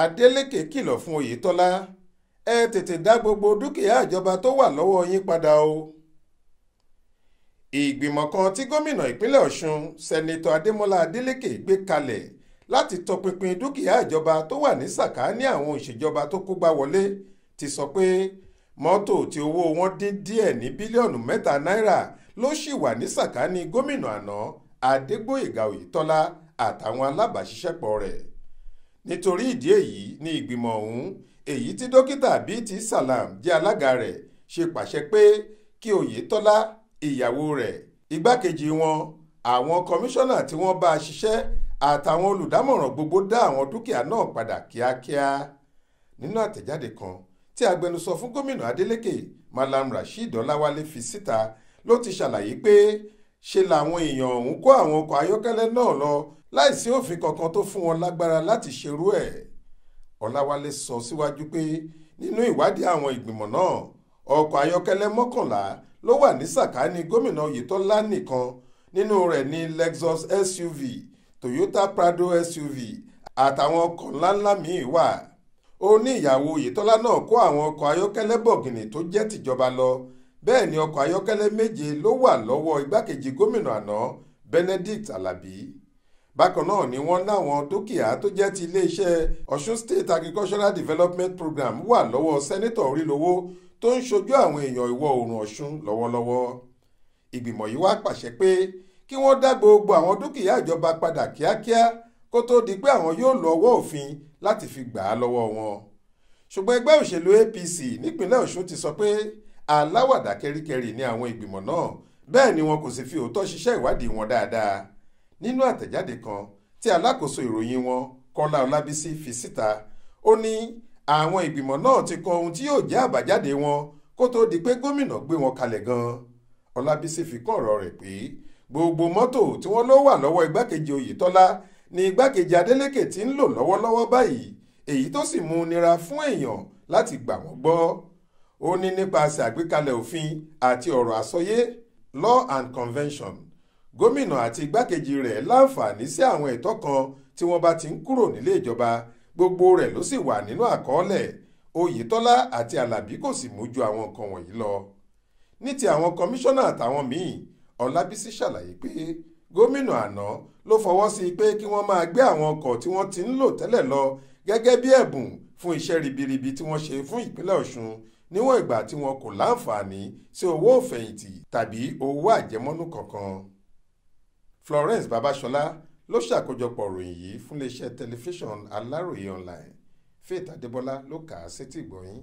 adeleke kìlọ̀ fún oyetola ẹ tètè dá gbogbo dúkìá ìjọba tó wà lọ́wọ́ yín padà o ìgbìmọ̀ kan tí gómìnà ìpínlẹ̀ ọ̀ṣun sẹ́nitọ́ adémọ́lá adeleke gbé kalẹ̀ láti tọpinpin dúkìá ìjọba tó wà ní sàkáání àwọn òṣèjọba tó kógbá wọlé ti sọ pé mọ́tò tí owó wọn dín díẹ̀ ní bílíọ̀nù mẹ́ta náírà ló ṣì wà ní sàkáání gómìnà àná adégbóyèga oyètọ́lá àtàwọn alábàáṣiṣẹ́pọ̀ rẹ̀ nítorí ìdí èyí ni ìgbìmọ̀ ọ̀hún èyí tí dókítà bt salam jẹ́ alága rẹ̀ ṣe pàṣẹ pé kí oyetola ìyàwó rẹ̀ igbákejì wọn àwọn kọmíṣánná tí wọ́n bá a ṣiṣẹ́ àtàwọn olùdámọ̀ràn gbogbo dá àwọn dúkìá náà padà kíákíá nínú àtẹ̀jáde kan tí agbẹnusọ fún gómìnà adeleke malam rasheed ọláwálé fi síta ló ti ṣàlàyé pé ṣe làwọn èèyàn ọ̀hún kó àwọn ọkọ̀ ayọ́kẹ́lẹ́ náà lọ láìsí òfin kankan tó fún wọn lágbára láti ṣerú ẹ̀ ọláwálé sọ síwájú pé nínú ìwádìí àwọn ìgbìmọ̀ náà ọkọ̀ ayọ́kẹ́lẹ́ mọ́kànlá ló wà ní sàkání gómìnà oyetola nìkan nínú rẹ̀ ní lexus suv toyota prado suv àtàwọn ọkọ̀ ńláńlá míì wà ó ní ìyàwó oyetola náà kó àwọn ọkọ̀ ayọ́kẹ́lẹ́ bọ̀gìnì tó jẹ́ tìjọba lọ bẹ́ẹ̀ ni ọkọ̀ ayọ́kẹ́lẹ́ méje ló wà lọ́wọ́ igbákejì gómìnà àná benedict alabi bákan náà ni wọ́n láwọn dúkìá tó jẹ́ ti iléeṣẹ́ Ọ̀ṣun State Agricultural Development Program wà lọ́wọ́ sẹ́nẹ́tọ̀ orílowó tó ń ṣojú àwọn èèyàn ìwọ̀ oòrùn Ọ̀ṣun lọ́wọ́lọ́wọ́ ìgbìmọ̀ yìí wá pàṣẹ pé kí wọ́n dá gbogbo àwọn dúkìá ìjọba padà kíákíá kó tó di pé àwọn yóò lọ ọwọ́ òfin láti fi gbà á lọ́wọ́ wọn ṣùgbọ́n ẹgbẹ́ òṣèlú APC nípínlẹ̀ Ọ̀ṣun ti sọ pé aláwàdà kẹ́ríkẹ́rí ni àwọn ìgbìmọ̀ náà bẹ́ẹ̀ ni wọn kò sì fi òótọ́ ṣiṣẹ́ ìwádìí wọn dáadáa nínú àtẹ̀jáde kan tí alákòóso ìròyìn wọn kọ́lá ọlábísí fi síta ó ní àwọn ìgbìmọ̀ náà ti kọ ohun tí yóò jẹ́ àbájáde wọn kó tóó di pé gómìnà gbé wọn kalẹ̀ gan-an ọlábísí fi kún ọ̀rọ̀ rẹ̀ pé gbogbo mọ́tò tí wọ́n ló wà lọ́wọ́ igbákejì oyetola ni igbákejì adeleke ti ń lò lọ́wọ́lọ́wọ́ báyìí èyí tó sì mú nira fún èèyàn láti gbà wọ́n gbọ́ ó ní nípasẹ̀ àgbékalẹ̀ òfin àti ọ̀rọ̀ àsọyé law and convention gómìnà àti igbákejì rẹ̀ láǹfààní sí àwọn ẹ̀tọ́ kan tí wọ́n bá ti ń kúrò nílé ìjọba gbogbo rẹ̀ ló sì wà nínú àkọọ́lẹ̀ oyetola àti alábí kò sì mú ju àwọn nǹkan wọ̀nyí lọ ní ti àwọn kọmíṣánná àtàwọn míì ọlábísí ṣàlàyé pé gómìnà àná ló fọwọ́ sí pé kí wọ́n máa gbé àwọn ọkọ̀ tí wọ́n ti ń lò tẹ́lẹ̀ lọ gẹ́gẹ́ bí ẹ̀bùn fún iṣẹ́ ribiribi tí wọ́n ṣe fún ìpínlẹ̀ ọ̀ṣun níwọ̀n ìgbà tí wọn kò láǹfààní sí owó òfẹ̀yìntì tàbí owó àjẹmọ́nú kankan Florence Babasola ló ṣàkójọpọ̀ ìròyìn yìí fún iléeṣẹ́ tẹlifíṣàn Aláròye online Faith Adébọlá ló kà á sétígbọ̀ọ́ yín